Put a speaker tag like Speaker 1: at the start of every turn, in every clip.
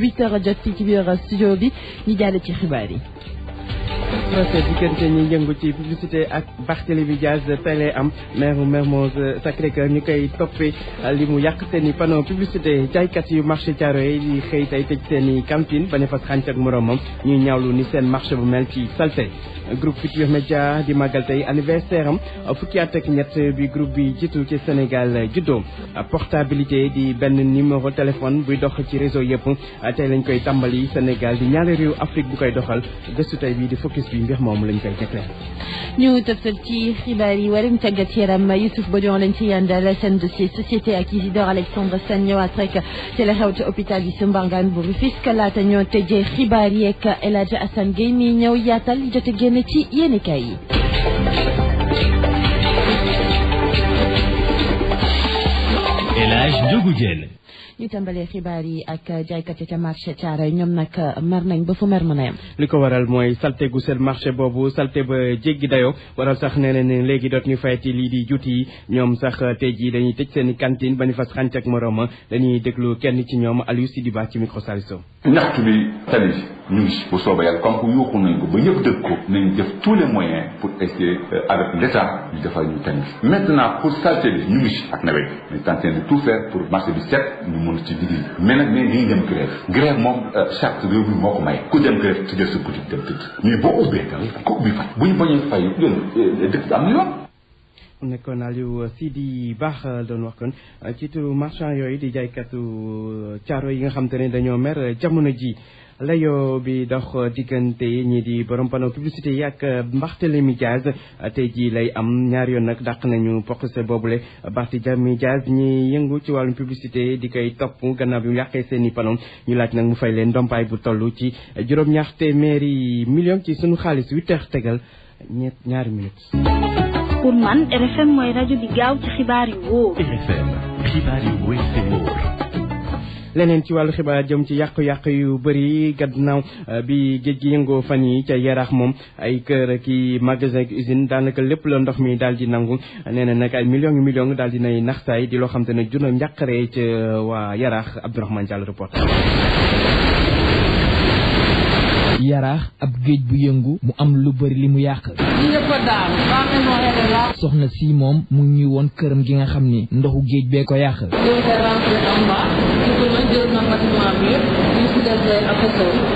Speaker 1: ویتر را جدیدی بیار سیده او دید خیباری
Speaker 2: procès diggante ñi yëngu ci publicité ak Barthélémy Diaz télé am maire Mermoz Sacré-Cœur ñu koy toppee li mu yàq seen i panneau publicité jaaykat yu marché caaro yi di xëy tey tëj seen i cantine ba ne fas xànc ak moroomam ñuy ñaawlu ni seen marché bu mel ci salté. groupe Futurs Media di màggal tey anniversaire am fukki at ak ñett bi groupe bi jiitu ci Sénégal juddoo portabilité di benn numéro téléphone buy dox ci réseau yëpp tey lañ koy tàmbali Sénégal di ñaari réew Afrique bu koy doxal gëstu tey bi di focus yi mbir moomu lañ koy jagleel.
Speaker 3: ñu tëbtal ci xibaar yi warim tàggat yaram Youssouf Bodian lañ ci yàndal seen dossier société acquisiteur Alexandre Sène ñëwaat rek ci la xew ci hôpital yi su mbangaan bu Rufisque laata ñoo tëjee xibaar yeeg El Hadj Assane Gueye mi ñëw yaatal jote génn ci yéenekaay yi. El Hadj Ndiogou Diène ñu tàmbalee xibaar yi ak jaaykat yi ca marché Thiaroye ñoom nag mar nañ ba fu mer mën a yem
Speaker 2: li ko waral mooy salté gu seen marché boobu salté ba jéggi dayo waral sax ne leen léegi doot ñu fayti lii di jut yi ñoom sax tey jii dañuy tëj seen cantine ba ñu fas xànc ak morooma dañuy déglu kenn ci ñoom Aliou Sidiba ci micro Salisso
Speaker 4: ñaxtu bi tali ñu ngi si bu soobee yàlla comme que yuuxu nañ ko ba ñëpp dëgg ko nañ def tous les moyens pour essayer euh, avec l'état ñu defal ñu tali maintenant pour salte bi ñu ngi ak nawet bi mais tenter de tout faire pour marché bi set mënu ci liggéey mais nag mais dañuy dem grève grève moom euh, charte réew mi moo ko may ku dem grève tëjël sa boutique dem tëdd mais boo ubbee dal ko ubbi fay bu ñu bañee fay yoon euh, dëkk am na yoon
Speaker 2: nekkoon Aliou Sidi baax euh, doon wax kon ci turu marchand yooyu di jaaykatu caaro yi nga xam te ne dañoo mer jamono ji layo bi dox diggante ñi di borom panneau publicité yi ak euh, Barthélémy Diaz tey jii lay am ñaar yoon nag daq nañu procès boobule Barthélémy Diaz ñi yëngu ci wàllum publicité di koy topp gannaaw bi mu yàqee seen i panneau ñu laaj nag mu fay leen ndompaay bu tollu ci juróom-ñaar téeméeri million ci sunu xaalis huit tegal ñett ñaari minutes.
Speaker 3: pour man RFM mooy rajo di gaaw ci xibaar yu wóor.
Speaker 2: leneen ci wàllu xibaar jëm ci yàqu-yàqu yu bari gannaaw euh, bi géej gi yëngoo fan yi ca yarax moom ay kër ki magasin ak usine daanaka lépp la ndox mi daal di nangu nee na nag ay millions yu millions daal di nay naxtaay di loo xam te ne juna njàqaree ca waa yarax Abdourahmane Diallo report
Speaker 5: yarax ab geej bu yëngu mu am lu bari li mu yàq soxna si moom mu ngi woon këram gi nga xam ni ndoxu géej bee ko yàq here.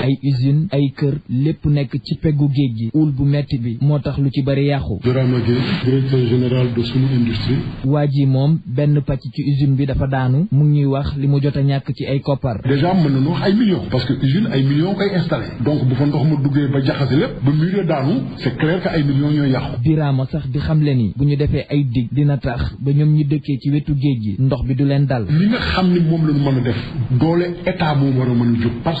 Speaker 5: ay usine ay kër lépp nekk ci peggu géej gi uul bu metti bi moo tax lu ci bari yàqu. Birama Gueye directeur général de sunu industrie. waa ji moom benn pàcc ci usine bi dafa daanu mu ngi ñuy wax li mu jot a ñàkk ci ay koppar. déjà mën nañu wax
Speaker 4: ay millions. parce que usine ay millions koy installé. donc bu fa ndox mu duggee ba jaxase lépp ba milieu daanu c'est clair que ay millions ñooy yàqu.
Speaker 5: Birama sax di xamle nii bu ñu defee ay dig dina tax ba ñoom ñu dëkkee
Speaker 4: ci wetu géej gi ndox bi du leen dal. xam moom la mën a def doole état moo war mën a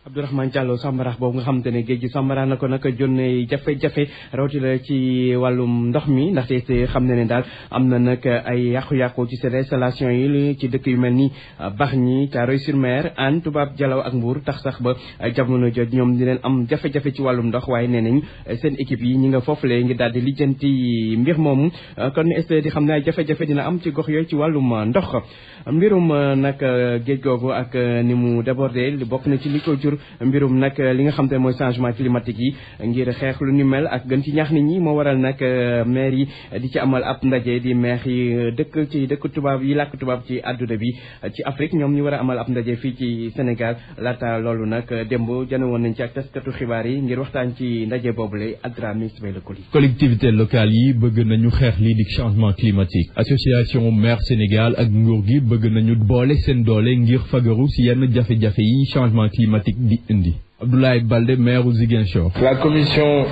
Speaker 2: abdurrahman Diallo Sambara boobu nga xamante ne géej gi Sambara na ko nag jonne jafe-jafe rawti la ci wàllum ndox mi ndaxte xam ne ne daal am na nag ay yàqu-yàqu ci seen installation yi ci dëkk yu mel ni bax ñi Caaroy sur Mer an Tubaab Jalaw ak Mbuur tax sax ba jamono jot ñoom di leen am jafe-jafe ci wàllum ndox waaye nee nañ seen équipe yi ñi nga foofule ngi daal di lijjanti mbir moomu kon est di xam ne ay jafe-jafe dina am ci gox yooyu ci wàllum ndox mbirum nag géej googu ak ni mu débordé bokk na ci li ko jur mbirum nak eh, li nga xam te ne changement climatique yi ngir xeex lu ni mel ak gën ci ñaax nit ñi mo waral nak eh, maire yi di ci amal ab ndaje di maire yi dekk ci dekk tubaab yi làkk tubaab ci aduna bi ci Afrique ñom ñu wara a amal ab ndaje fi ci Sénégal lata lolu nak eh, démb jano won nañ ci ak taskatu xibaar yi ngir waxtaan ci ndaje boobu lay adrami sibay la
Speaker 5: collectivité locale yi bëgg nañu xeex li di changement climatique association maire Sénégal ak nguur gi bëgg nañu boole seen doole ngir fagaru si yenn jafe-jafe yi changement climatique The indi Abdoulaye Baldé maire u Ziguinchor.
Speaker 6: la commission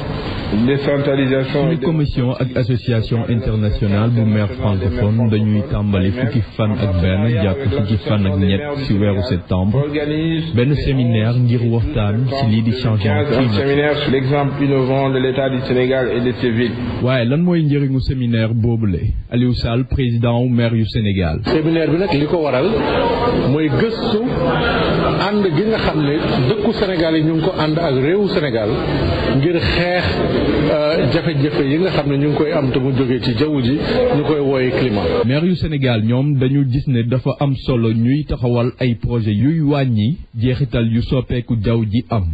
Speaker 6: décentralisation. suñu commission
Speaker 5: ak association internationale bu maires francophones dañuy tàmbali fukki fan ak benn jàpp fukki fan ak ñett ci weeru septembre benn séminaire ngir waxtaan ci lii di changement climatique. séminaire sur
Speaker 6: l'exemple innovant de l'État du Sénégal et de ses villes.
Speaker 5: waaye lan mooy njëriñu séminaire Boblé. Aliou Sall président wu maire du Sénégal. séminaire bi nag li ko waral mooy gëstu ànd gi
Speaker 7: nga xam ne Sénégal nous ñu ngi ko ànd ak Sénégal ngir xeex euh, jafe yi nga ñu koy am te mu ci jaww ji ñu koy climat. yu Sénégal ñoom dañu gis dafa
Speaker 5: am solo ñuy taxawal ay projet yuy wàññi jeexital yu soppeeku jaww ji am.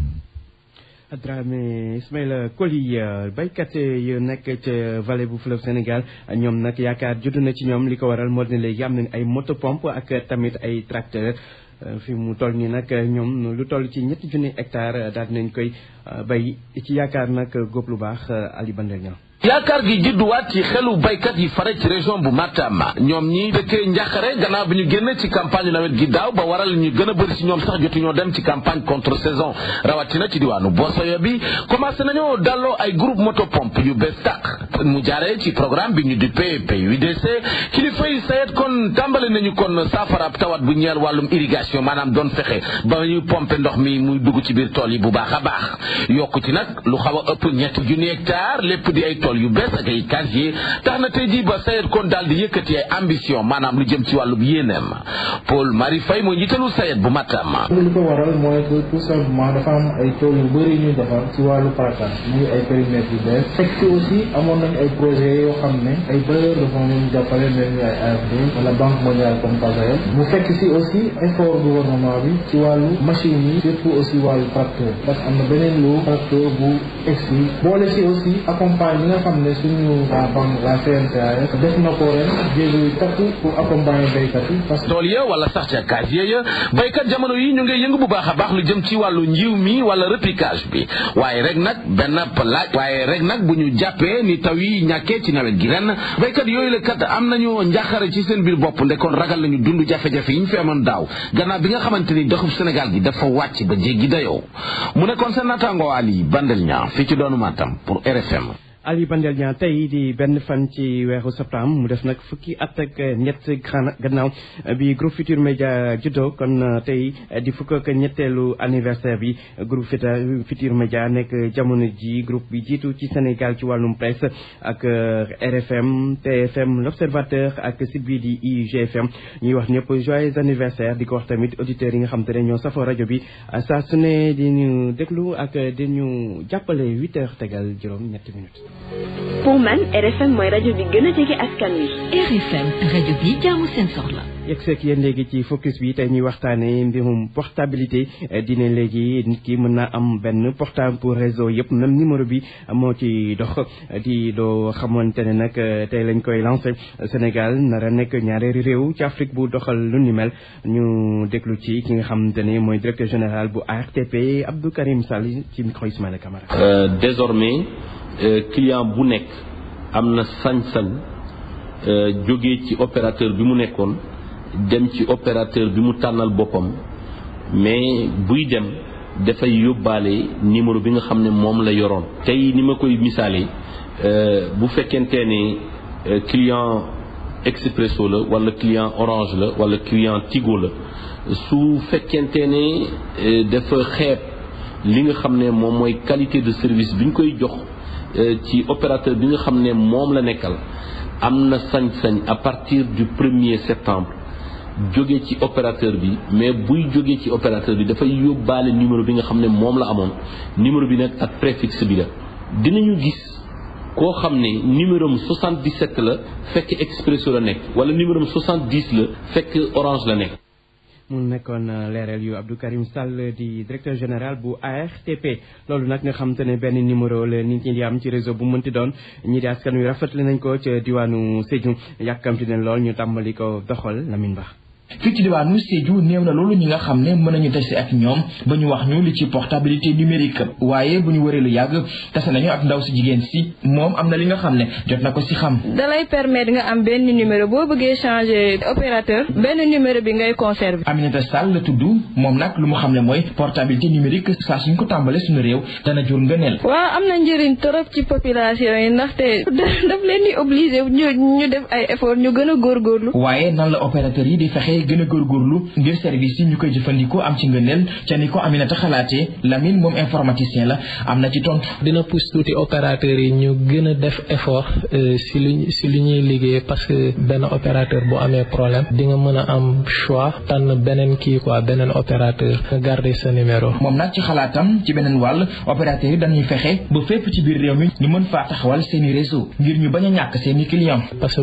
Speaker 2: Adrame Ismaïla Koli euh, baykat yu nekk vallée bu fleuve Sénégal yaakaar ci waral tracteur Euh, fi mu toll nii nag euh, ñoom lu toll ci ñetti junni hectares euh, daal nañ koy bay ci yaakaar nag góob lu baax Aliou Bandel
Speaker 7: yaakaar gi judduwaat ci xelu baykat yi fare ci région bu Matam ñoom ñi dëkkee njaxare gannaaw bi ñu génn ci campagne nawet gi daaw ba waral ñu gën a bëri si ñoom sax jotu ñoo dem ci campagne contre saison rawatina ci diwaanu Bosoyo bi commencé nañoo dalloo ay groupe motopompe yu bees tàq mu jaare ci programme bi ñu duppee PUDC kilifa yi sayet kon tàmbali nañu kon saafaraab tawat bu ñeel wàllum irrigation maanaam doon fexe ba ñu pompe ndox mi muy dugg ci biir tool yi bu baax a baax yokku ci nag lu xaw a ëpp ñetti junni hectare lépp di ay tool yu bees ak ay casier tax na tey jii ba kon daal di yëkkati ay ambition maanaam lu jëm ci wàllu yéeneem Paul Marie Faye mooy njiitalu SAED bu Matam.
Speaker 5: ko waral mooy que tout simplement dafa am ay tool yu bëri ñuy defar ci wàllu PACA muy ay périmètres yu bees fekk ci aussi amoon nañu ay projets yoo xam ne ay bailleurs de fonds ñu mu fekk ci aussi effort gouvernement bi ci wàllu machine yi surtout aussi wàllu tracteur parce que am na beneen lu tracteur bu exi boole ci aussi accompagnement nga xam ne suñu ko ren jéego yu takk
Speaker 7: ya wala sax ca casier ya béykat jamono yi ñu ngi yëngu bu baax a baax lu jëm ci wàllu njiw mi wala repiquage bi waaye rek nag benn laaj waaye rek nag bu ñu jàppee ni taw yi ñàkkee ci nawet gi ren béykat yooyu la kat am nañu njàqare ci seen biir bopp ndekoon ragal nañu dund jafe-jafe yi ñu fi amoon daaw gannaaw bi nga xamante ni doxub Sénégal gi dafa wàcc ba jéggi dayoo mu nekkoon seen naataango yi Bandel ñaa fii ci doonu Matam pour RFM
Speaker 2: Ali Bandelian tay di ben fan ci wéru septembre mu def nak fukki at ak ñett gannaaw bi groupe Futur Media jiddo kon tay di fukk ak ñettelu anniversaire bi groupe Futur Media nek jamono ji groupe bi jitu ci Sénégal ci walum presse ak euh, RFM TFM L'Observateur ak site bi di IGFM ñuy wax ñep joyeux anniversaire di ko wax tamit auditeur yi nga xam ñoo safo radio bi sa suné di ñu déglu ak di ñu jappalé 8h tégal juróom ñett minutes.
Speaker 1: pour man RFM mooy rajo bi gën a jege askan wi. RFM rajo bi jaamu seen soxla.
Speaker 2: yegseeg yéen léegi ci focus bi tey ñuy waxtaane mbirum portabilité eh, dina léegi nit ki mën naa am benn portable pour réseau yëpp même numéro bi moo ci dox di do xamante ne nag eh, tey lañ koy lancé Sénégal nara nekk ñaareeri réew ci Afrique bu doxal lu ni mel ñu déglu ci ki nga xamante ne mooy directeur général bu ARTP Abdou Karim Sall ci micro Ismaël Camara.
Speaker 8: Euh, désormais euh, client bu nekk am na sañ-sañ euh, jóge ci opérateur bi mu nekkoon dem ci opérateur bi mu tànnal mais buy dem dafay yóbbaale numéro bi nga la yoroon tey ni ma koy misaale euh, bu fekkentee euh, client Expresso ou le client Orange ou le client Tigo la su fekkentee ne euh, dafa xeeb li nga xam qualité de service bi ñu koy jox opérateur bi nga xam la nekkal am sañ à partir du 1er septembre jóge ci opérateur bi mais buy jóge ci opérateur bi dafay yóbbaale numéro bi nga xam ne moom la amoon numéro bi nag ak préfixe bi la dinañu gis koo xam ne numéro 77 la fekk Expresso la nekk wala numéro 70 la fekk Orange la nekk
Speaker 2: mu nekkoon euh, leeral yu Abdou Karim Sall di directeur général bu ARTP loolu nag nga xam te ne benn numéro la nit ñi di am ci réseau bu mënti doon ñi di askan wi rafetlu nañ ko ca diwaanu Sédhiou yàkkamti ne lool ñu tàmbali ko doxal Lamine Ba fii ci diwaanu
Speaker 5: Sédhiou néew na loolu ñi nga xamne mëna ñu tassé ak ñom ba ñu wax ñu li ci portabilité numérique wayé bu ñu waree lu yàgg tassé nañu ak ndaw ci jigen ci mom amna li nga xamne jot na ko si xam.
Speaker 1: dalay permettre nga am benn numéro bo bëggé changer opérateur benn numéro bi ngay conserver.
Speaker 5: Aminata Sall la tudd mom nak lu mu xamne moy portabilité numérique sa suñ ko tambalé suñu réew dana jur ngëneel.
Speaker 1: waaw am na njëriñ ci population yi té daf
Speaker 9: leen di obligé ñu ñu def ay effort ñu gën gor góorgóorlu.
Speaker 5: wayé nan la opérateur yi di fexé citoyen gën a góorgóorlu ngir service yi ñu koy jëfandikoo am ci ngëneel ca ni ko Aminata xalaatee Lamine moom informaticien la am na ci tontu. dina pousse tuuti opérateur yi ñu gën a def effort euh, si lu si lu ñuy liggéey parce que benn opérateur bu amee problème di nga mën a am choix tànn beneen kii quoi beneen opérateur nga garder sa numéro. moom nag ci xalaatam ci beneen wàll opérateur yi dañuy fexe ba fépp ci biir réew mi ñu mën fa taxawal seeni réseau ngir ñu bañ a ñàkk seeni clients. parce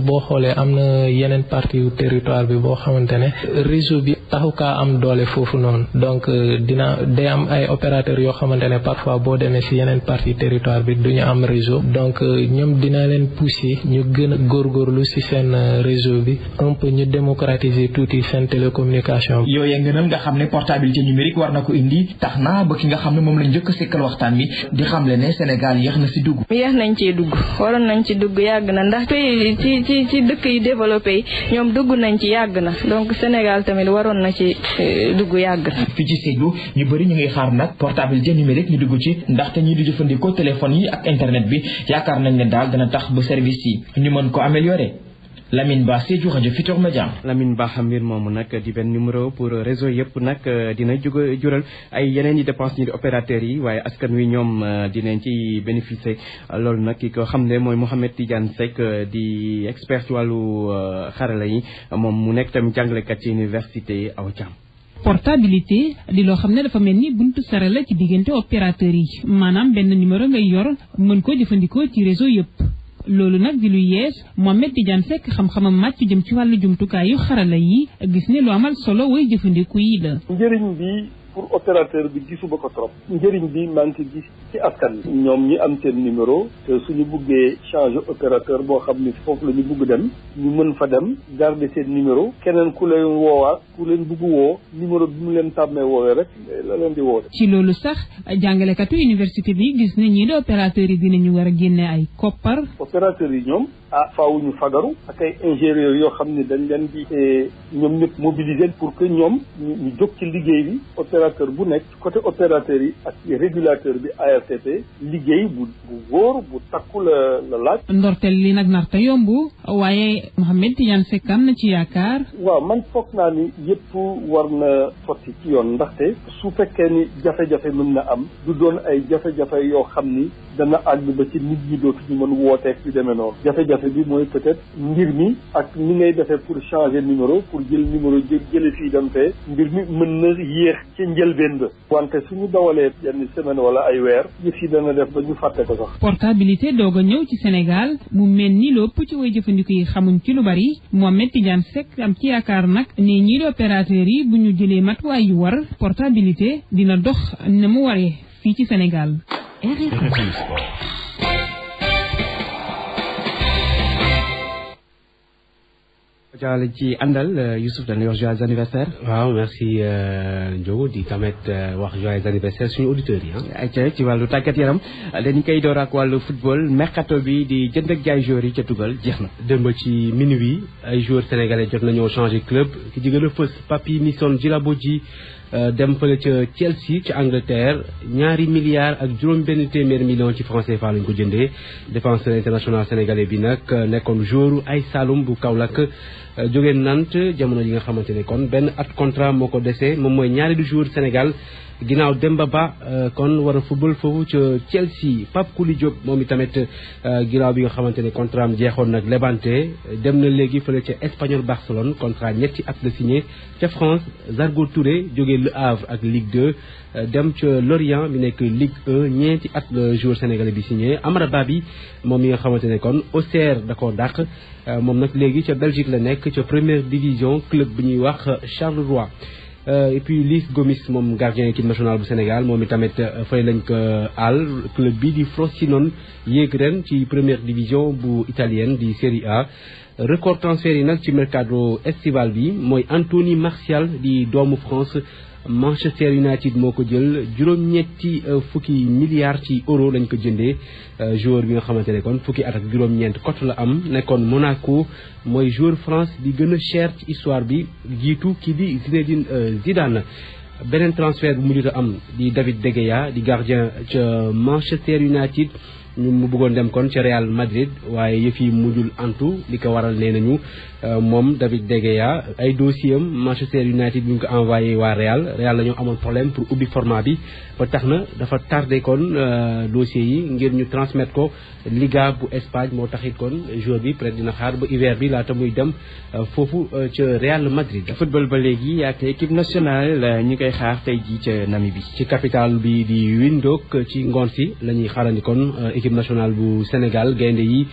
Speaker 5: ne réseau bi taxukaa am doole foofu noonu donc euh, dina day am ay opérateurs yoo xamante ne parfois boo demee ci yeneen partie territoire bi duñu am réseau donc euh, ñoom dina leen pousser ñu gën a góorgóorlu ci seen euh, réseau bi un peu ñu démocratiser tuuti seen télécommunication yooyu ngënam nga xam ne portabilité numérique war na ko indi tax na ba ki nga xam ne moom lañ njëkk
Speaker 1: a sekkal waxtaan bi di xam le ne Sénégal yéex na ci dugg yéex nañ ci dugg waroon nañ ci dugg yàgg na ndax pays ci ci ci dëkk yi développé yi ñoom dugg dëgg Sénégal tamit waroon na ci eh, dugg yàgg.
Speaker 5: fi ci Sédhiou ñu bari ñu ngi xaar nag portable ja numérique ñu dugg ci ndaxte ñu di jëfandikoo téléphone yi ak internet bi yaakaar nañ ne daal dana tax bu service yi ñu mën ko améliorer. Lamine Ba Sédhiou rajo Futurs Médias
Speaker 2: Lamine Ba mbir mom nak di ben numéro pour réseau yëpp nak dina jug djural ay yenen ni dépenses ni di opérateurs yi waye askan wi ñom euh, dinañ ci bénéficier loolu nak ki ko xamné moy mohamed Tidiane Seck di expert ci wàllu euh, xarala yi universiti mu tam jangale kat ci université aw
Speaker 9: portabilité di lo xam dafa melni buntu sarala ci digënté opérateur yi manam ben numéro ngay yor mën ko jëfëndiko ci réseau yépp loolu nag di lu yees Mohamed Tidiane Seck xam-xamam màcc jëm ci wàllu jumtukaayu xarala yi gis ne lu amal solo way jëfandiku yi la. njëriñ bi.
Speaker 10: pour opérateur bi ba ko trop njëriñ bi maa ngi gis ci askan ñoom ñi am seen numéro te suñu buggee changer opérateur boo xam ni foofu la ñu bugg dem ñu mën fa dem garder seen numéro keneen ku leen woowaat ku leen bugg woo numéro bi mu leen tàmmee woowee rek la leen di woote
Speaker 9: ci loolu sax jàngalekatu université bi gis na ñii di opérateur yi dinañu war a génne ay koppar
Speaker 10: opérateur yi ñoom ah faaw ñu fagaru ak ay ingénieurs yoo xam ne dañ leen di eh, ñoom ñëpp mobiliser pour que ñoom ñu jóg ci liggéey bi opérateur bu nekk côté opérateur yi ak régulateur bi ARTP liggéey bu bu wóor bu takku la la laaj.
Speaker 9: ndorteel li nag nar te yomb waaye Mouhamed Tidiane Seck am na ci yaakaar.
Speaker 10: waaw man foog naa ni yëpp war na sotti ci yoon ndaxte su fekkee ni jafe-jafe mën na am du doon ay jafe-jafe yoo xam ni dana àgg ba ci nit ñi dootuñu mën wooteeg yu demee noonu jafe woote bi mooy peut-être mi ak ni ngay defee pour changer numéro pour jël numéro jë jële fii dem fee mbir mi mën na yéex ci njëlbeen ba wante wala ay weer yëf yi
Speaker 9: portabilité doog a ñëw ci Sénégal mu mel ni lépp ci way jëfandiku yi xamuñ ci lu bari Mohamed Tidiane Seck am ci yaakaar nag ne ñii di yi bu ñu jëlee matuwaay yu war portabilité dina dox na mu waree fii ci Sénégal
Speaker 11: Dia ci àndal euh, Youssouf dañuy wax joyeux anniversaire. waaw merci euh, Ndiobo di tamit euh, wax joyeux anniversaire suñu auditeurs yi ay ah.
Speaker 2: ayca ci wàllu tàggat yaram dañu koy door ak wàllu football mercato bi di jënd ak jaay joueurs yi ca
Speaker 11: tugal jeex na. démb ci minuit ay joueurs sénégalais jot nañoo changé club ki jigéen a fës Nisson Misson Djilabodji. Euh, dem fële ca Chelsea ca Angleterre ñaari milliards ak juróom-benn téeméer million ci franc CFA ñu ko jëndee défenseur international sénégalais bi nag euh, nekkoon joueur ay Saloum bu Kaolack euh, jóge nant jamono yi nga xamante ne kon benn at contrat moo ko desee moom mooy ñaari du joueur Sénégal. ginnaaw Demba Ba euh, kon war football foofu ca Chelsea pap Kouli Diop moom itamit euh, ginnaaw bi nga xamante ne contrat am jeexoon nag Levante dem na léegi fële ca Espagnol Barcelone contrat ñetti at la signer. ca France Zargo Touré jógee Le Havre ak Ligue 2 euh, dem ca Lorient mi nekk Ligue 1 ñeenti at la joueur sénégalais bi signé Amara Babi moom mi nga xamante ne kon Auxerre da koo dàq moom nag léegi ca la nekk ca première division club bi ñuy wax Charleroi euh, et puis Lise Gomis mon gardien équipe nationale du Sénégal mon métamètre euh, fay Al, ko club bi di Frosinone qui est ci première division bu italienne di Serie A. record transfert nak ci mercato estival bi moy Anthony Martial di doomu France. Manchester United moo ko jël juróom-ñetti euh, fukki milliards ci euro lañ ko jëndee euh, joueur bi nga xamante ne kon fukki at ak juróom-ñeent cote la am nekkoon Monaco mooy joueur France bi gën a cher ci histoire bi jiitu kii di Zinedine euh, Zidane. beneen transfert bu mujjut a am di David De Gea di gardien ca Manchester United ñu mu bëggoon dem kon ca Real Madrid waaye yëf yi mujjul antu li ko waral nee nañu. Euh, moom David De Gea ay dossier am Manchester United bi ñu ko envoyé waa Real Real la ñoo amoon problème pour ubbi format bi ba tax na dafa tardé kon euh, dossier yi ngir ñu transmettre ko Liga bu Espagne moo taxit kon joueur bi peut dina xaar ba hiver bi laata muy dem euh, foofu ca Real Madrid. football ba léegi ak équipe nationale ñu koy xaar tey jii ca Namibie. ci capitale bi di Windhoek ci ngoon si la ñuy xaarandi kon équipe nationale bu Sénégal gaynde yi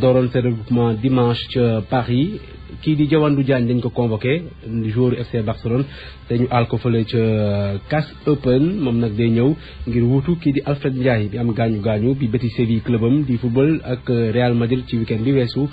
Speaker 11: dooroon le regroupement dimanche ca Paris. kii di Diawandou Diagne dañ ko convoqué joueur FC Barcelone te ñu aal ko fële ca euh, Open moom nag day ñëw ngir wuutu kii di Alfred Ndiaye bi am gaañu gaañu bi Betis Séville clubam di football ak euh, Real Madrid ci week-end bi weesu.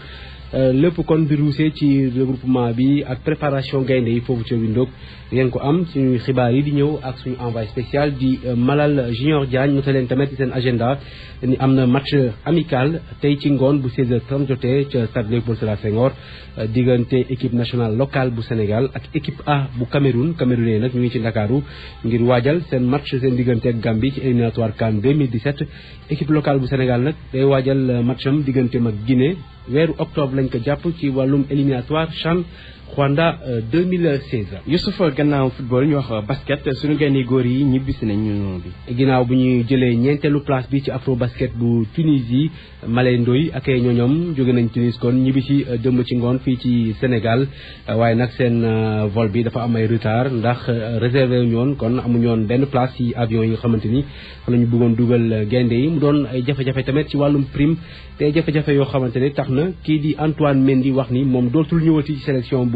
Speaker 11: Euh, lépp kon di ruusee ci regroupement bi ak préparation gaynde yi foofu ca Windhoek ngeen ko am suñu xibaar yi di ñëw ak suñu envoyé spécial di euh, Malal Junior Diagne noté leen tamit seen agenda ni am na match amical tey ci ngoon bu 16h30 jotee ca stade Léopold Sédar Senghor euh, diggante équipe nationale locale bu Sénégal ak équipe A bu Cameroun Camerounais nag ñu ngi ci Ndakaaru ngir waajal seen match seen diggante ak Gambie ci éliminatoire CAN 2017 équipe locale bu Sénégal nag day waajal matcham diggante mag Guinée weeru octobre lañ ko jàpp ci wàllum éliminatoire CHAN Rwanda 2016. Euh, Youssouf euh, gannaaw football ñu wax euh, basket suñu gaynde góor yi ñibbisi nañu bi. ginnaaw bu ñuy jëlee ñeenteelu place bi ci afro basket bu Tunisie Malé Ndoye ak ay ñooñoom jóge nañ Tunis kon ñibbisi démb ci ngoon fii ci Sénégal waaye nag seen vol bi dafa am ay retard ndax réservé ñoon kon amuñu woon benn place ci avion yi nga xamante ni fa la ñu bëggoon dugal gaynde yi mu doon ay jafe-jafe tamit ci wàllum prime te jafe-jafe yoo xamante ne tax na kii di Antoine Mendy wax ni moom dootul ñëwati ci sélection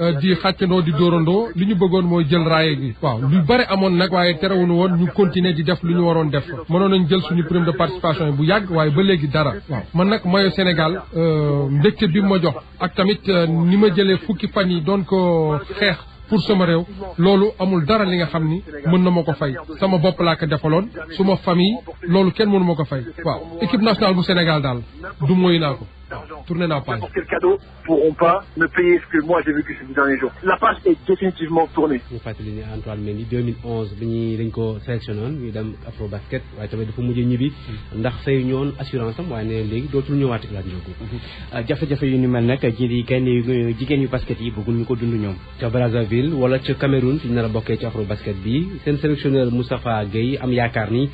Speaker 6: Euh, di xàccandoo di dóorandoo li ñu bëggoon mooy jël raaye bi waaw lu bari amoon nag waaye nu woon ñu continuer di def lu ñu waroon def mënoon nañ jël suñu prime de participation yi bu yàgg waaye ba léegi dara waaw man nag mayo Sénégal euh, mbégte bi ma jox ak tamit euh, ni ma jëlee fukki fan yi doon ko xeex pour sama réew loolu amul dara li nga xam ni mën na ma ko fay sama bopp laa ko defaloon suma famille loolu kenn mënuma ko fay waaw équipe nationale bu Sénégal daal du
Speaker 10: mooy naa ko argent. Tournez la page. N'importe quel cadeau pourront pas me payer ce que moi j'ai vécu ces derniers jours. La page est définitivement tournée. mu fàttali ne Antoine
Speaker 11: Mendy 2011 bi ñuy ko sélectionné woon ñu dem Afro Basket waaye tamit dafa mujjee ñibbi ndax fay ñoon assurance am waaye ne léegi dootul ñëwaati laaj njëkk. jafe-jafe yu ni mel nag jëli kenn euh, jigéen yu basket yi bëggul ñu ko dund ñoom. ca Brazzaville wala ca Cameroun fi ñu nar a bokkee ci Afro Basket bi seen sélectionneur Moustapha Gueye am yaakaar ni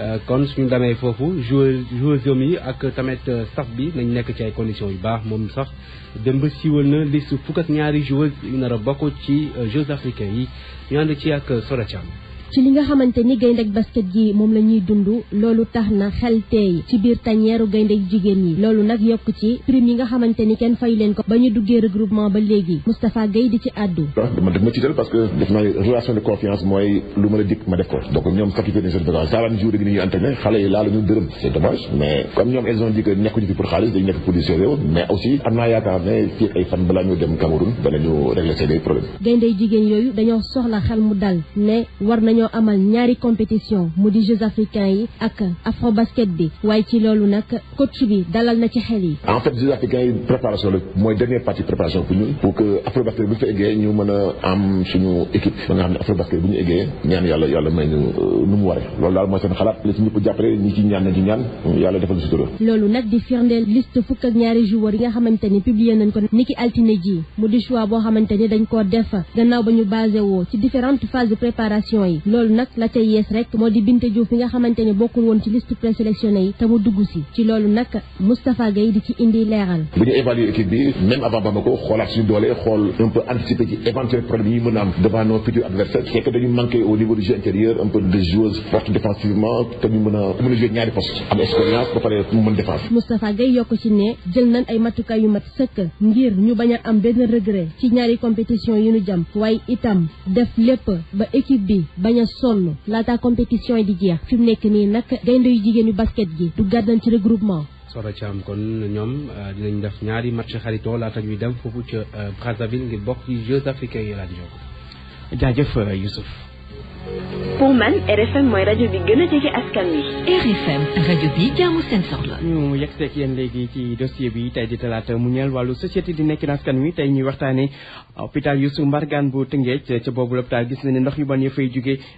Speaker 11: euh, kon suñu demee foofu joueurs joueurs yi ak tamit euh, staff bi nañ nekk ci yu baax moom sax démb siiwal na liste fukk ñaari joueurs yu nar a bokk ci euh, Jeux africains yi ñu ànd ci ak euh, Sora Thiam
Speaker 3: ci li nga xamante ni gaynde basket gi moom la ñuy loolu tax na xel ci biir tañeeru gaynde jigéen yi loolu nag yokk ci prime yi nga xamante ni kenn fay leen ko ba ñu duggee regroupement ba léegi Moustapha Guèye ci àddu
Speaker 4: man daf ma tiital parce que def naa relation de ni ñuy entraîné xale yi laalu ñu dërëm c'est dommage mais comme ñoom elles ont nekkuñu fi pour xaalis dañu nekk pour di seen mais aussi am naa yaakaar ne fii ay fan balaa ñu
Speaker 3: dañoo amal ñaari compétition mu di Jeux africains yi ak afro basket bi waaye ci loolu nag coach bi dalal na ci xel
Speaker 4: en fait Jeux africains préparation la mooy dernier partie préparation pour ñun pour que afro basket bu ñu fa eggee ñu mën am suñu équipe ba nga xam ne afro basket bu ñu eggee ñaan yàlla yàlla may ñu euh, nu mu waree loolu daal mooy seen xalaat li ci ñëpp jàppale ñi ci ñaan na ñaan yàlla defal sutura. loolu
Speaker 3: nag di firndeel liste fukk ak ñaari joueurs yi nga xamante ni nañ ko niki altine ji mu di choix boo xamante ni dañ koo def gannaaw ba ñu basé ci différentes phases de préparation yi. loolu nag la ca yees rek moo di Binte Diouf bi nga xamante ne bokkul woon ci liste présélectionné yi te mu dugg si ci loolu nag Moustapha Gueye di ci indi leeral
Speaker 4: bu ñu évaluer équipe bi même avant Bamako xoolaat suñu doole xool un peu anticiper ci éventuel problème yi mën a am devant nos futurs adversaires c'est dañu manqué au niveau du intérieur un peu de joueuses fortes défensivement te ñu mën
Speaker 3: yokk ci ne jël nañ ay matukaay yu mat sëkk ngir ñu bañ a ci ñaari compétition yi ñu jam waaye itam def lépp ba équipe bi bañ a sonn laata compétition yi di jeex fi mu nekk nii nag gaynde yu jigéen yu basket gi du gàddan ci regroupement
Speaker 11: Sora Thiam kon ñoom euh, dinañ def ñaari match xaritoo laata ñuy dem foofu ca euh, Brazzaville ngir bokk ci Jeux africains yi laaj jox jaajëf euh, Youssouf
Speaker 3: Pour man,
Speaker 1: RFM moy Radio bi gëna a jege askan wi. RFM radio bi jaamu seen soxla. ñu yegg
Speaker 2: ci yéen légui ci dossier bi tay di talaata mu ñeel walu société di nekk askan wi tay ñuy waxtaane hôpital Youssou Mbargane bu tingé ci bobu l'hôpital gis na ndox yu bon ya fay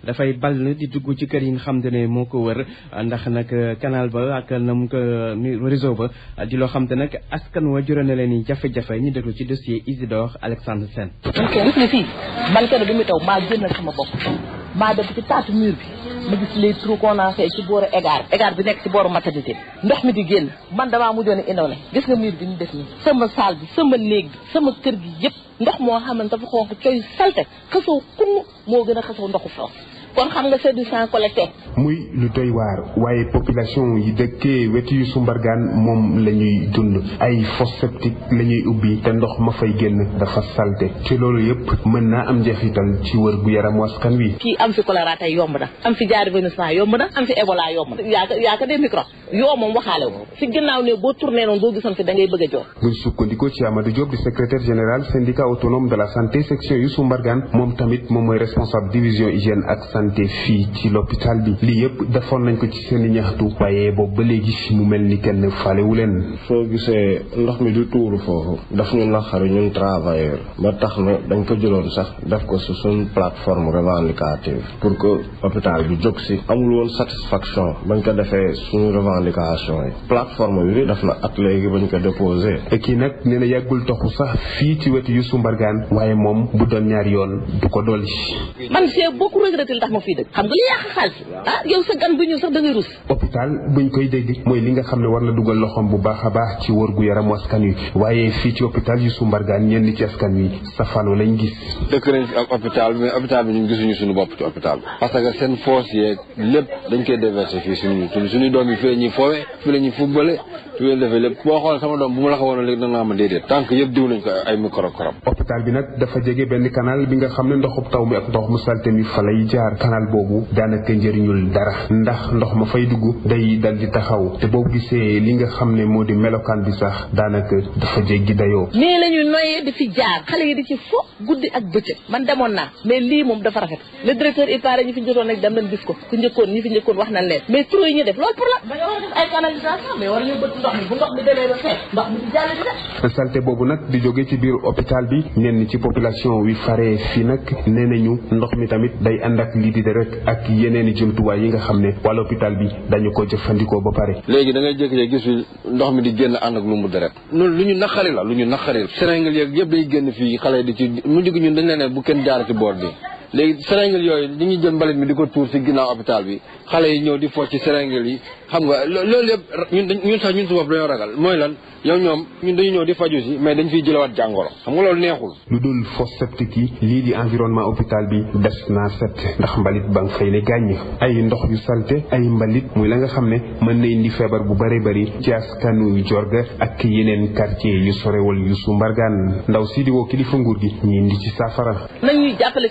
Speaker 2: da fay ball di dugg ci kër yi nga xam ne moko wër ndax nak euh, canal ba ak nam ko euh, réseau ba di lo xam ne nak askan wa jural na leen ni jafé jafé ñi déglu ci dossier Isidore Alexandre Sen. Ok, ñu
Speaker 1: na fii man kenn bi mu taw maa gën sama bokk. maa def ci taatu mur bi ma gis les trous qu'on a fait ci booru égard égard bi nekk ci booru maternité ndox mi di génn man damaa mujjoon a indoole gis nga mur bi ñu def nii sama saal bi sama néeg bi sama kër gi yëpp ndox moo xam ne dafa xonq coy salte xasoo kunn moo gën a xasoo ndoxu France kon xam nga c'est du sang collecté.
Speaker 6: muy lu toy waar waaye population yi dëkkee wetu yu Sumbargaan moom la ñuy dund ay fosse septique la ñuy ubbi te ndox ma fay génn dafa salte ci loolu yëpp mën naa am njeexital ci wër gu yaram waskan wi.
Speaker 1: kii am fi choléra tey yomb na am fi jaarvénus yomb na am fi Ebola yomb na yaa yaa ko dee microbe yoo moom waxaale ko si ginnaaw ne boo tourné noonu boo gisoon fi da ngay a jox.
Speaker 6: buñ sukkandikoo ci Amadou Diop di secrétaire moom tamit moom mooy responsable division hygiène ak santé fii ci l'hôpital bi lii yëpp defoon nañ ko ci seen ñaxtu waaye boobu ba léegi mu mel ni kenn faalewu leen. soo gisee ndox mi du tuuru foofu daf ñu naqari ñun travailleur ba
Speaker 2: tax na dañ ko jëloon sax def ko su suñ plateforme revendicative pour que hôpital bi jóg si amul woon satisfaction bañ ko defee suñu revendication yi plateforme
Speaker 6: bi daf na at léegi bañ ko déposé. kii nag nee yàggul toxu sax fii ci wetu Youssou Mbargane waaye moom bu doon ñaari yoon du ko dolli.
Speaker 1: moo fiy dëkk xam nga li yàq xaalis ah, yow sa gan bu ñëw sax da ngay
Speaker 6: hôpital buñ koy dégg mooy li nga xam ne war na dugal loxoom bu baax a baax ci wër gu yaram askan wi waaye fii ci hôpital yu sumbargaan ñenn ci askan wi safaano lañ gis dëkk nañ fi ak hôpital mais hôpital bi suñu bopp ci hôpital parce que seen
Speaker 11: force yeeg dañ koy déverser fii suñu suñu doom yi fii la ñuy foowe fii la ñuy footballé fii la doom bu ma la ko woon léegi danga ma déedéet tànk yëpp diw nañ ko
Speaker 6: bi nag dafa jege benn kanaal bi nga xam ne ndoxub taw mi ak ndox mu salte mi fa lay jaar canal boobu te njëriñul dara ndax ndox ma fay dugg day dal di taxaw te boo gisee li nga xam modi melokan di melokaan bi sax daanaka dafa jéggi dayo
Speaker 1: nii lañu noyé di fi jaar xalé yi di ci fo guddi ak bëccëg man demon na mais li mom dafa rafet le directeur il paraît ñi fi jottone nag dam nañ gis ko ku ñëkkon ñi fi ñëkkon wax nañ leen mais trop yi ñu def lool pour la dañu wara def ay canalisation mais wara ñu bëtt ndox mi bu ndox bi demee ba fé ndox bi di jàll di
Speaker 6: def santé bobu nak di joggé ci biir hôpital bi ñenn ci population wi faré fi nak nenañu ndox mi tamit day andak lii di deret ak yeneen i jumtuwaay yi nga xam ne wàllu hôpital bi dañu ko jëfandikoo ba pare.
Speaker 8: léegi da ngay jékki gis fi
Speaker 11: ndox mi di génn ànd ak lu deret. loolu lu ñu naqari la lu ñu naqari la. seringue yeeg yëpp day génn fii xale di ci mu jóg ñun dañ leen ne bu kenn jaarati boor bi léegi seringue yooyu li jël mbalit mi di ko tuur si ginnaaw
Speaker 6: hôpital bi xale yi ñëw di fo ci serengel yi xam nga loolu yëpp ñun ñun sax ñun su bopp dañoo ragal mooy lan yow ñoom ñun dañu ñëw di faju si mais dañ fiy jëlawaat jàngoro xam nga loolu neexul lu dul fosse septique yi lii di environnement hôpital bi des naa set ndax mbalit ba nga fay ne gàññ ay ndox yu salte ay mbalit muy la nga xam ne mën na indi feebar bu bari bari ci askanu jorga ak yeneen quartier yu sorewal yu su mbargaan ndaw si di woo kilifa nguur gi ñu indi ci saafara
Speaker 1: nañuy jàppale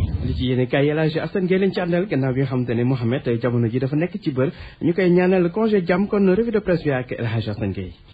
Speaker 2: li ci yéene kaay yelage Assane Gueye lañ ci àndal gannaaw bi nga xamante ne Mouhamed jamono ji dafa nekk ci bër ñu koy ñaanal congé jàmm kon revue de presse bi ak El Hadj Assane